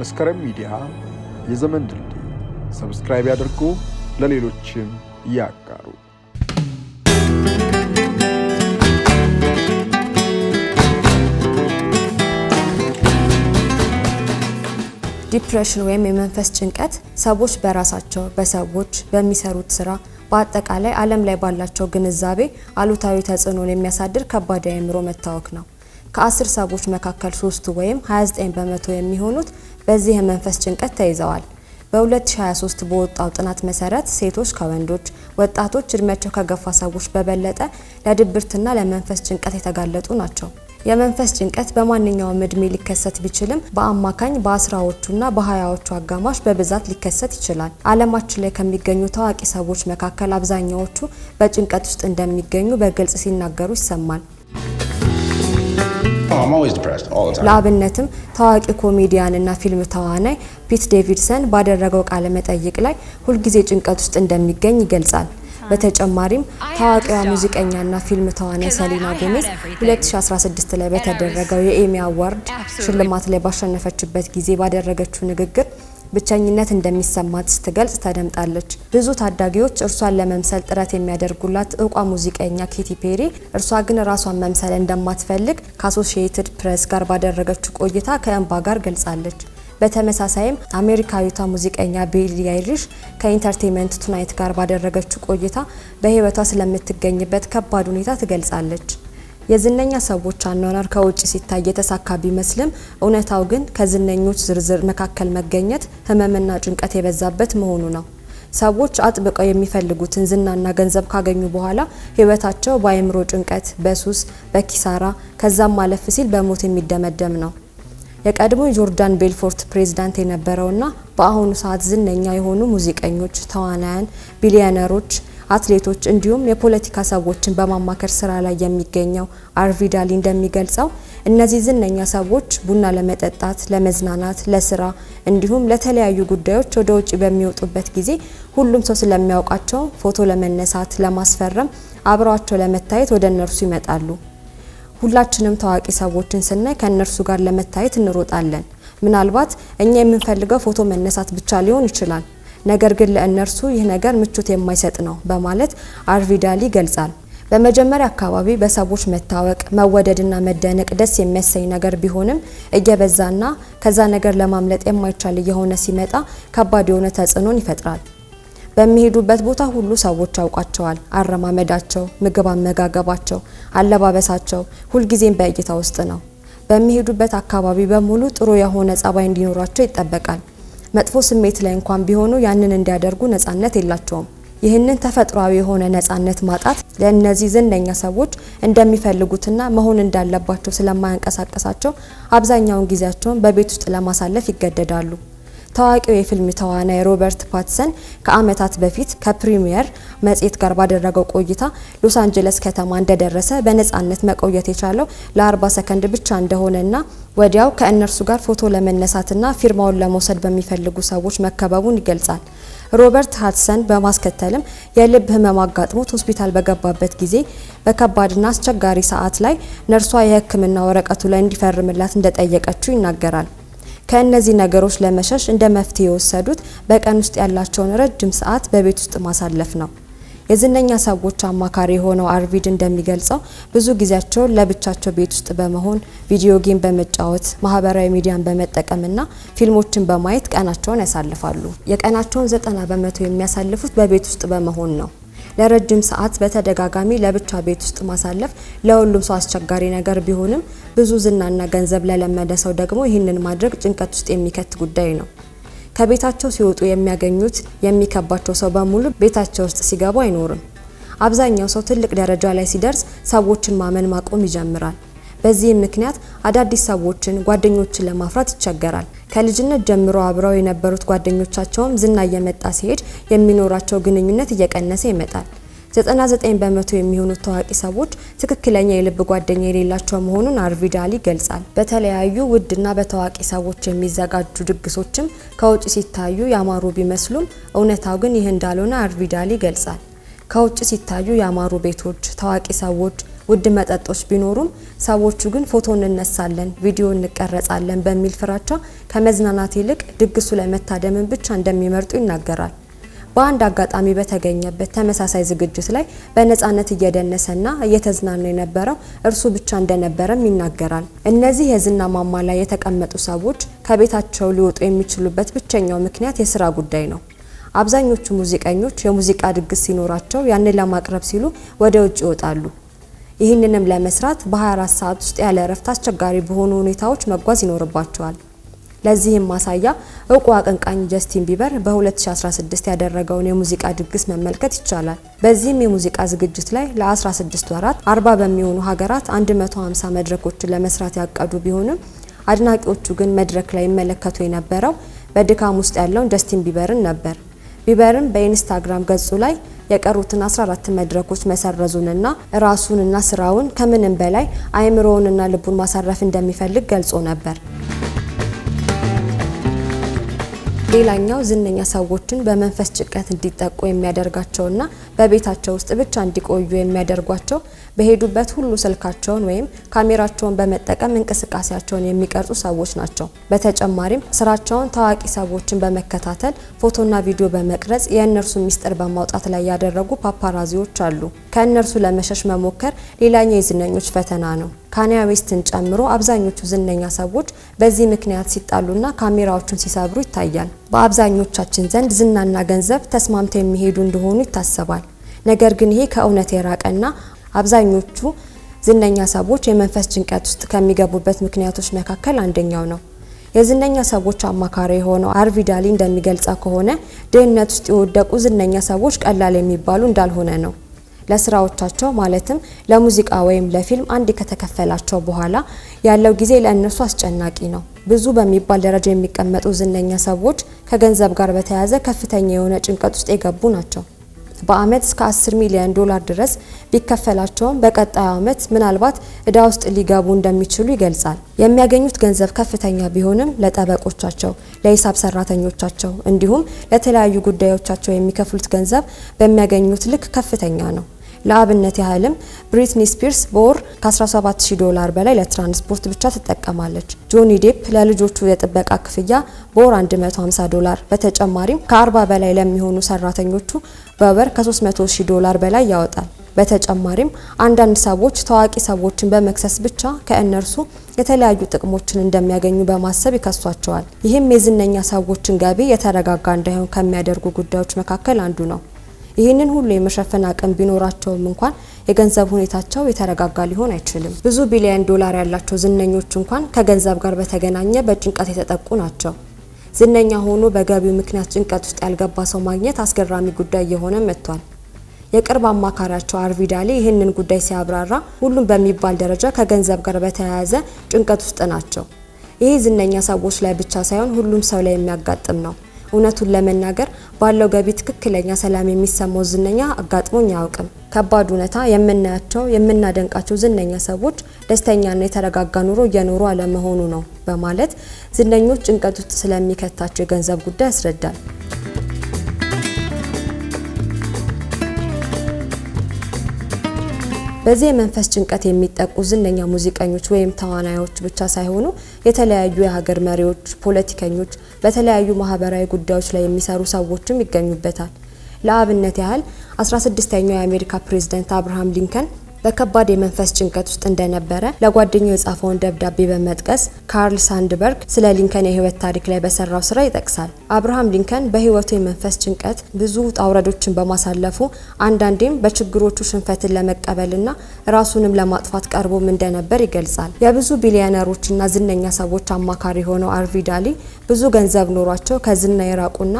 መስከረም ሚዲያ የዘመን ድልድይ ሰብስክራይብ ያድርጉ፣ ለሌሎችም ያጋሩ። ዲፕሬሽን ወይም የመንፈስ ጭንቀት ሰዎች በራሳቸው በሰዎች በሚሰሩት ስራ በአጠቃላይ ዓለም ላይ ባላቸው ግንዛቤ አሉታዊ ተጽዕኖን የሚያሳድር ከባድ የአእምሮ መታወክ ነው። ከአስር ሰዎች መካከል ሶስቱ ወይም 29 በመቶ የሚሆኑት በዚህ የመንፈስ ጭንቀት ተይዘዋል። በ2023 በወጣው ጥናት መሰረት ሴቶች ከወንዶች፣ ወጣቶች እድሜያቸው ከገፋ ሰዎች በበለጠ ለድብርትና ለመንፈስ ጭንቀት የተጋለጡ ናቸው። የመንፈስ ጭንቀት በማንኛውም እድሜ ሊከሰት ቢችልም በአማካኝ በአስራዎቹና በሀያዎቹ አጋማሽ በብዛት ሊከሰት ይችላል። ዓለማችን ላይ ከሚገኙ ታዋቂ ሰዎች መካከል አብዛኛዎቹ በጭንቀት ውስጥ እንደሚገኙ በግልጽ ሲናገሩ ይሰማል። ለአብነትም oh, ታዋቂ እና ፊልም ተዋናይ ፒት ዴቪድሰን ባደረገው ቃለ መጠይቅ ላይ ሁልጊዜ ጭንቀት ውስጥ እንደሚገኝ ይገልጻል። በተጨማሪም ታዋቂዋ ሙዚቀኛና ፊልም ተዋናይ ሰሊና ጎሜዝ 2016 ላይ በተደረገው የኤሚ አዋርድ ሽልማት ላይ ባሸነፈችበት ጊዜ ባደረገችው ንግግር ብቸኝነት እንደሚሰማት ስትገልጽ ተደምጣለች። ብዙ ታዳጊዎች እርሷን ለመምሰል ጥረት የሚያደርጉላት እውቋ ሙዚቀኛ ኬቲ ፔሪ እርሷ ግን ራሷን መምሰል እንደማትፈልግ ከአሶሺየትድ ፕሬስ ጋር ባደረገችው ቆይታ ከእንባ ጋር ገልጻለች። በተመሳሳይም አሜሪካዊቷ ሙዚቀኛ ቢሊ አይሪሽ ከኢንተርቴንመንት ቱናይት ጋር ባደረገችው ቆይታ በህይወቷ ስለምትገኝበት ከባድ ሁኔታ ትገልጻለች። የዝነኛ ሰዎች አኗኗር ከውጭ ሲታይ የተሳካ ቢመስልም እውነታው ግን ከዝነኞች ዝርዝር መካከል መገኘት ህመምና ጭንቀት የበዛበት መሆኑ ነው። ሰዎች አጥብቀው የሚፈልጉትን ዝናና ገንዘብ ካገኙ በኋላ ህይወታቸው በአእምሮ ጭንቀት፣ በሱስ፣ በኪሳራ ከዛም ማለፍ ሲል በሞት የሚደመደም ነው። የቀድሞ ጆርዳን ቤልፎርት ፕሬዝዳንት የነበረውና በአሁኑ ሰዓት ዝነኛ የሆኑ ሙዚቀኞች፣ ተዋናያን፣ ቢሊዮነሮች አትሌቶች እንዲሁም የፖለቲካ ሰዎችን በማማከር ስራ ላይ የሚገኘው አርቪዳሊ እንደሚገልጸው እነዚህ ዝነኛ ሰዎች ቡና ለመጠጣት፣ ለመዝናናት፣ ለስራ እንዲሁም ለተለያዩ ጉዳዮች ወደ ውጭ በሚወጡበት ጊዜ ሁሉም ሰው ስለሚያውቃቸው ፎቶ ለመነሳት፣ ለማስፈረም፣ አብረዋቸው ለመታየት ወደ እነርሱ ይመጣሉ። ሁላችንም ታዋቂ ሰዎችን ስናይ ከእነርሱ ጋር ለመታየት እንሮጣለን። ምናልባት እኛ የምንፈልገው ፎቶ መነሳት ብቻ ሊሆን ይችላል። ነገር ግን ለእነርሱ ይህ ነገር ምቾት የማይሰጥ ነው በማለት አርቪዳሊ ገልጻል። በመጀመሪያ አካባቢ በሰዎች መታወቅ መወደድና መደነቅ ደስ የሚያሰኝ ነገር ቢሆንም እየበዛና ከዛ ነገር ለማምለጥ የማይቻል እየሆነ ሲመጣ ከባድ የሆነ ተጽዕኖን ይፈጥራል። በሚሄዱበት ቦታ ሁሉ ሰዎች ያውቋቸዋል። አረማመዳቸው፣ ምግብ አመጋገባቸው፣ አለባበሳቸው ሁልጊዜም በእይታ ውስጥ ነው። በሚሄዱበት አካባቢ በሙሉ ጥሩ የሆነ ጸባይ እንዲኖራቸው ይጠበቃል። መጥፎ ስሜት ላይ እንኳን ቢሆኑ ያንን እንዲያደርጉ ነጻነት የላቸውም። ይህንን ተፈጥሯዊ የሆነ ነጻነት ማጣት ለእነዚህ ዝነኛ ሰዎች እንደሚፈልጉትና መሆን እንዳለባቸው ስለማያንቀሳቀሳቸው አብዛኛውን ጊዜያቸውን በቤት ውስጥ ለማሳለፍ ይገደዳሉ። ታዋቂው የፊልም ተዋናይ ሮበርት ፓትሰን ከዓመታት በፊት ከፕሪሚየር መጽሔት ጋር ባደረገው ቆይታ ሎስ አንጀለስ ከተማ እንደደረሰ በነፃነት መቆየት የቻለው ለ40 ሰከንድ ብቻ እንደሆነና ወዲያው ከእነርሱ ጋር ፎቶ ለመነሳትና ፊርማውን ለመውሰድ በሚፈልጉ ሰዎች መከበቡን ይገልጻል። ሮበርት ሃትሰን በማስከተልም የልብ ህመም አጋጥሞት ሆስፒታል በገባበት ጊዜ በከባድና አስቸጋሪ ሰዓት ላይ ነርሷ የህክምና ወረቀቱ ላይ እንዲፈርምላት እንደጠየቀችው ይናገራል። ከእነዚህ ነገሮች ለመሸሽ እንደ መፍትሄ የወሰዱት በቀን ውስጥ ያላቸውን ረጅም ሰዓት በቤት ውስጥ ማሳለፍ ነው። የዝነኛ ሰዎች አማካሪ የሆነው አርቪድ እንደሚገልጸው ብዙ ጊዜያቸውን ለብቻቸው ቤት ውስጥ በመሆን ቪዲዮ ጌም በመጫወት ማህበራዊ ሚዲያን በመጠቀምና ፊልሞችን በማየት ቀናቸውን ያሳልፋሉ። የቀናቸውን ዘጠና በመቶ የሚያሳልፉት በቤት ውስጥ በመሆን ነው። ለረጅም ሰዓት በተደጋጋሚ ለብቻ ቤት ውስጥ ማሳለፍ ለሁሉም ሰው አስቸጋሪ ነገር ቢሆንም ብዙ ዝናና ገንዘብ ለለመደ ሰው ደግሞ ይህንን ማድረግ ጭንቀት ውስጥ የሚከት ጉዳይ ነው። ከቤታቸው ሲወጡ የሚያገኙት የሚከባቸው ሰው በሙሉ ቤታቸው ውስጥ ሲገቡ አይኖርም። አብዛኛው ሰው ትልቅ ደረጃ ላይ ሲደርስ ሰዎችን ማመን ማቆም ይጀምራል። በዚህም ምክንያት አዳዲስ ሰዎችን፣ ጓደኞችን ለማፍራት ይቸገራል። ከልጅነት ጀምሮ አብረው የነበሩት ጓደኞቻቸውም ዝና እየመጣ ሲሄድ የሚኖራቸው ግንኙነት እየቀነሰ ይመጣል። 99 በመቶ የሚሆኑት ታዋቂ ሰዎች ትክክለኛ የልብ ጓደኛ የሌላቸው መሆኑን አርቪዳሊ ገልጻል። በተለያዩ ውድና በታዋቂ ሰዎች የሚዘጋጁ ድግሶችም ከውጭ ሲታዩ ያማሩ ቢመስሉም እውነታው ግን ይህ እንዳልሆነ አርቪዳሊ ገልጻል። ከውጭ ሲታዩ ያማሩ ቤቶች፣ ታዋቂ ሰዎች ውድ መጠጦች ቢኖሩም ሰዎቹ ግን ፎቶ እንነሳለን፣ ቪዲዮ እንቀረጻለን በሚል ፍራቻ ከመዝናናት ይልቅ ድግሱ ላይ መታደምን ብቻ እንደሚመርጡ ይናገራል። በአንድ አጋጣሚ በተገኘበት ተመሳሳይ ዝግጅት ላይ በነፃነት እየደነሰና እየተዝናነ የነበረው እርሱ ብቻ እንደነበረም ይናገራል። እነዚህ የዝና ማማ ላይ የተቀመጡ ሰዎች ከቤታቸው ሊወጡ የሚችሉበት ብቸኛው ምክንያት የስራ ጉዳይ ነው። አብዛኞቹ ሙዚቀኞች የሙዚቃ ድግስ ሲኖራቸው ያንን ለማቅረብ ሲሉ ወደ ውጭ ይወጣሉ። ይህንንም ለመስራት በ24 ሰዓት ውስጥ ያለ እረፍት አስቸጋሪ በሆኑ ሁኔታዎች መጓዝ ይኖርባቸዋል። ለዚህም ማሳያ እውቁ አቀንቃኝ ጀስቲን ቢበር በ2016 ያደረገውን የሙዚቃ ድግስ መመልከት ይቻላል። በዚህም የሙዚቃ ዝግጅት ላይ ለ16 ወራት 40 በሚሆኑ ሀገራት 150 መድረኮችን ለመስራት ያቀዱ ቢሆንም አድናቂዎቹ ግን መድረክ ላይ ይመለከቱ የነበረው በድካም ውስጥ ያለውን ጀስቲን ቢበርን ነበር። ቢበርም በኢንስታግራም ገጹ ላይ የቀሩትን 14 መድረኮች መሰረዙንና ራሱንና ስራውን ከምንም በላይ አእምሮውንና ልቡን ማሳረፍ እንደሚፈልግ ገልጾ ነበር። ሌላኛው ዝነኛ ሰዎችን በመንፈስ ጭንቀት እንዲጠቁ የሚያደርጋቸውና በቤታቸው ውስጥ ብቻ እንዲቆዩ የሚያደርጓቸው በሄዱበት ሁሉ ስልካቸውን ወይም ካሜራቸውን በመጠቀም እንቅስቃሴያቸውን የሚቀርጹ ሰዎች ናቸው። በተጨማሪም ስራቸውን ታዋቂ ሰዎችን በመከታተል ፎቶና ቪዲዮ በመቅረጽ የእነርሱ ሚስጥር በማውጣት ላይ ያደረጉ ፓፓራዚዎች አሉ። ከእነርሱ ለመሸሽ መሞከር ሌላኛው የዝነኞች ፈተና ነው። ካንያ ዌስትን ጨምሮ አብዛኞቹ ዝነኛ ሰዎች በዚህ ምክንያት ሲጣሉና ካሜራዎቹን ሲሰብሩ ይታያል። በአብዛኞቻችን ዘንድ ዝናና ገንዘብ ተስማምተው የሚሄዱ እንደሆኑ ይታሰባል። ነገር ግን ይሄ ከእውነት የራቀና አብዛኞቹ ዝነኛ ሰዎች የመንፈስ ጭንቀት ውስጥ ከሚገቡበት ምክንያቶች መካከል አንደኛው ነው። የዝነኛ ሰዎች አማካሪ የሆነው አርቪዳሊ እንደሚገልጸው ከሆነ ድህነት ውስጥ የወደቁ ዝነኛ ሰዎች ቀላል የሚባሉ እንዳልሆነ ነው። ለስራዎቻቸው ማለትም ለሙዚቃ ወይም ለፊልም አንድ ከተከፈላቸው በኋላ ያለው ጊዜ ለእነሱ አስጨናቂ ነው። ብዙ በሚባል ደረጃ የሚቀመጡ ዝነኛ ሰዎች ከገንዘብ ጋር በተያያዘ ከፍተኛ የሆነ ጭንቀት ውስጥ የገቡ ናቸው። በአመት እስከ 10 ሚሊዮን ዶላር ድረስ ቢከፈላቸውም በቀጣዩ አመት ምናልባት እዳ ውስጥ ሊገቡ እንደሚችሉ ይገልጻል። የሚያገኙት ገንዘብ ከፍተኛ ቢሆንም ለጠበቆቻቸው ለሂሳብ ሰራተኞቻቸው እንዲሁም ለተለያዩ ጉዳዮቻቸው የሚከፍሉት ገንዘብ በሚያገኙት ልክ ከፍተኛ ነው። ለአብነት ያህልም ብሪትኒ ስፒርስ በወር ከ17000 ዶላር በላይ ለትራንስፖርት ብቻ ትጠቀማለች። ጆኒ ዴፕ ለልጆቹ የጥበቃ ክፍያ በወር 150 ዶላር፣ በተጨማሪም ከ40 በላይ ለሚሆኑ ሰራተኞቹ በወር ከ300000 ዶላር በላይ ያወጣል። በተጨማሪም አንዳንድ ሰዎች ታዋቂ ሰዎችን በመክሰስ ብቻ ከእነርሱ የተለያዩ ጥቅሞችን እንደሚያገኙ በማሰብ ይከሷቸዋል። ይህም የዝነኛ ሰዎችን ገቢ የተረጋጋ እንዳይሆን ከሚያደርጉ ጉዳዮች መካከል አንዱ ነው። ይህንን ሁሉ የመሸፈን አቅም ቢኖራቸውም እንኳን የገንዘብ ሁኔታቸው የተረጋጋ ሊሆን አይችልም። ብዙ ቢሊዮን ዶላር ያላቸው ዝነኞች እንኳን ከገንዘብ ጋር በተገናኘ በጭንቀት የተጠቁ ናቸው። ዝነኛ ሆኖ በገቢው ምክንያት ጭንቀት ውስጥ ያልገባ ሰው ማግኘት አስገራሚ ጉዳይ እየሆነ መጥቷል። የቅርብ አማካሪያቸው አርቪዳሌ ይህንን ጉዳይ ሲያብራራ ሁሉም በሚባል ደረጃ ከገንዘብ ጋር በተያያዘ ጭንቀት ውስጥ ናቸው። ይህ ዝነኛ ሰዎች ላይ ብቻ ሳይሆን ሁሉም ሰው ላይ የሚያጋጥም ነው። እውነቱን ለመናገር ባለው ገቢ ትክክለኛ ሰላም የሚሰማው ዝነኛ አጋጥሞኝ አያውቅም። ከባድ እውነታ የምናያቸው የምናደንቃቸው ዝነኛ ሰዎች ደስተኛና የተረጋጋ ኑሮ እየኖሩ አለመሆኑ ነው በማለት ዝነኞች ጭንቀት ውስጥ ስለሚከታቸው የገንዘብ ጉዳይ ያስረዳል። በዚህ የመንፈስ ጭንቀት የሚጠቁ ዝነኛ ሙዚቀኞች ወይም ተዋናዮች ብቻ ሳይሆኑ የተለያዩ የሀገር መሪዎች፣ ፖለቲከኞች፣ በተለያዩ ማህበራዊ ጉዳዮች ላይ የሚሰሩ ሰዎችም ይገኙበታል። ለአብነት ያህል 16ኛው የአሜሪካ ፕሬዝዳንት አብርሃም ሊንከን በከባድ የመንፈስ ጭንቀት ውስጥ እንደነበረ ለጓደኛው የጻፈውን ደብዳቤ በመጥቀስ ካርል ሳንድበርግ ስለ ሊንከን የህይወት ታሪክ ላይ በሰራው ስራ ይጠቅሳል። አብርሃም ሊንከን በህይወቱ የመንፈስ ጭንቀት ብዙ ጣውረዶችን በማሳለፉ አንዳንዴም በችግሮቹ ሽንፈትን ለመቀበልና ራሱንም ለማጥፋት ቀርቦም እንደነበር ይገልጻል። የብዙ ቢሊዮነሮችና ዝነኛ ሰዎች አማካሪ የሆነው አርቪዳሊ ብዙ ገንዘብ ኖሯቸው ከዝና የራቁና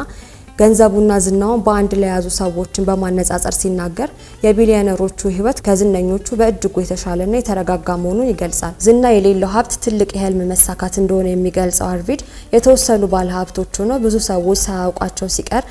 ገንዘቡና ዝናውን በአንድ ላይ የያዙ ሰዎችን በማነጻጸር ሲናገር የቢሊዮነሮቹ ህይወት ከዝነኞቹ በእጅጉ የተሻለና የተረጋጋ መሆኑን ይገልጻል። ዝና የሌለው ሀብት ትልቅ የህልም መሳካት እንደሆነ የሚገልጸው አርቪድ የተወሰኑ ባለ ሀብቶች ሆነው ብዙ ሰዎች ሳያውቋቸው ሲቀር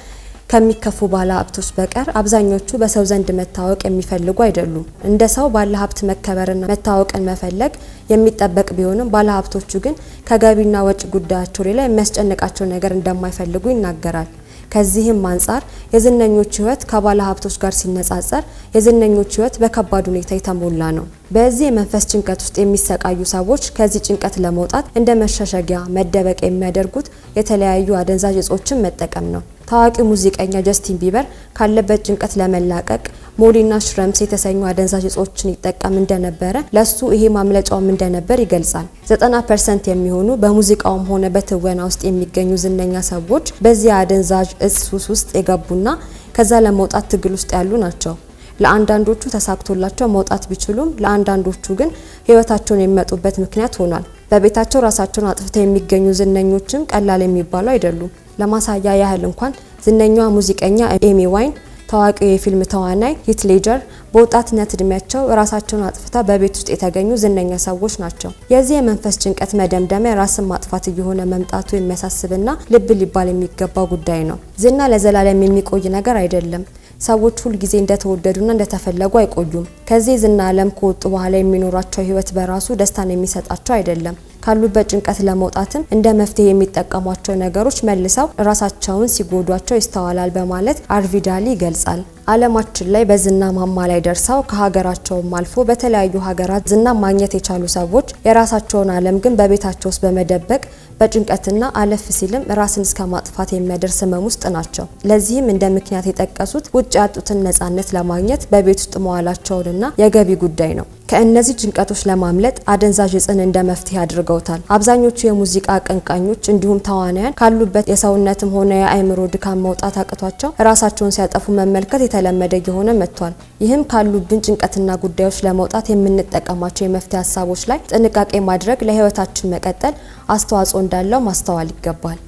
ከሚከፉ ባለ ሀብቶች በቀር አብዛኞቹ በሰው ዘንድ መታወቅ የሚፈልጉ አይደሉም። እንደ ሰው ባለ ሀብት መከበርና መታወቅን መፈለግ የሚጠበቅ ቢሆንም ባለ ሀብቶቹ ግን ከገቢና ወጪ ጉዳያቸው ሌላ የሚያስጨንቃቸው ነገር እንደማይፈልጉ ይናገራል። ከዚህም አንጻር የዝነኞች ህይወት ከባለ ሀብቶች ጋር ሲነጻጸር የዝነኞች ህይወት በከባድ ሁኔታ የተሞላ ነው። በዚህ የመንፈስ ጭንቀት ውስጥ የሚሰቃዩ ሰዎች ከዚህ ጭንቀት ለመውጣት እንደ መሸሸጊያ መደበቅ የሚያደርጉት የተለያዩ አደንዛዥ እጾችን መጠቀም ነው። ታዋቂ ሙዚቀኛ ጀስቲን ቢበር ካለበት ጭንቀት ለመላቀቅ ሞዲና ሽረምስ የተሰኙ አደንዛዥ እጾችን ይጠቀም እንደነበረ ለሱ ይሄ ማምለጫውም እንደነበር ይገልጻል። 90 ፐርሰንት የሚሆኑ በሙዚቃውም ሆነ በትወና ውስጥ የሚገኙ ዝነኛ ሰዎች በዚያ አደንዛዥ እጽ ሱስ ውስጥ የገቡና ከዛ ለመውጣት ትግል ውስጥ ያሉ ናቸው። ለአንዳንዶቹ ተሳክቶላቸው መውጣት ቢችሉም ለአንዳንዶቹ ግን ህይወታቸውን የሚመጡበት ምክንያት ሆኗል። በቤታቸው ራሳቸውን አጥፍተው የሚገኙ ዝነኞችም ቀላል የሚባሉ አይደሉም። ለማሳያ ያህል እንኳን ዝነኛዋ ሙዚቀኛ ኤሚ ዋይን ታዋቂው የፊልም ተዋናይ ሂት ሌጀር በወጣትነት እድሜያቸው ራሳቸውን አጥፍተው በቤት ውስጥ የተገኙ ዝነኛ ሰዎች ናቸው። የዚህ የመንፈስ ጭንቀት መደምደሚያ ራስን ማጥፋት እየሆነ መምጣቱ የሚያሳስብና ልብ ሊባል የሚገባ ጉዳይ ነው። ዝና ለዘላለም የሚቆይ ነገር አይደለም። ሰዎች ሁል ጊዜ እንደተወደዱና እንደተፈለጉ አይቆዩም። ከዚህ ዝና ዓለም ከወጡ በኋላ የሚኖራቸው ህይወት በራሱ ደስታን የሚሰጣቸው አይደለም። ካሉበት ጭንቀት ለመውጣትም እንደ መፍትሄ የሚጠቀሟቸው ነገሮች መልሰው ራሳቸውን ሲጎዷቸው ይስተዋላል በማለት አርቪዳሊ ይገልጻል። ዓለማችን ላይ በዝና ማማ ላይ ደርሰው ከሀገራቸውም አልፎ በተለያዩ ሀገራት ዝና ማግኘት የቻሉ ሰዎች የራሳቸውን ዓለም ግን በቤታቸው ውስጥ በመደበቅ በጭንቀትና አለፍ ሲልም ራስን እስከ ማጥፋት የሚያደርስ ህመም ውስጥ ናቸው። ለዚህም እንደ ምክንያት የጠቀሱት ውጭ ያጡትን ነጻነት ለማግኘት በቤት ውስጥ መዋላቸውንና የገቢ ጉዳይ ነው። ከእነዚህ ጭንቀቶች ለማምለጥ አደንዛዥ እጽን እንደ መፍትሄ አድርገውታል። አብዛኞቹ የሙዚቃ አቀንቃኞች እንዲሁም ተዋናያን ካሉበት የሰውነትም ሆነ የአእምሮ ድካም መውጣት አቅቷቸው ራሳቸውን ሲያጠፉ መመልከት የተለመደ እየሆነ መጥቷል። ይህም ካሉብን ጭንቀትና ጉዳዮች ለመውጣት የምንጠቀማቸው የመፍትሄ ሀሳቦች ላይ ጥንቃቄ ማድረግ ለህይወታችን መቀጠል አስተዋጽኦ እንዳለው ማስተዋል ይገባል።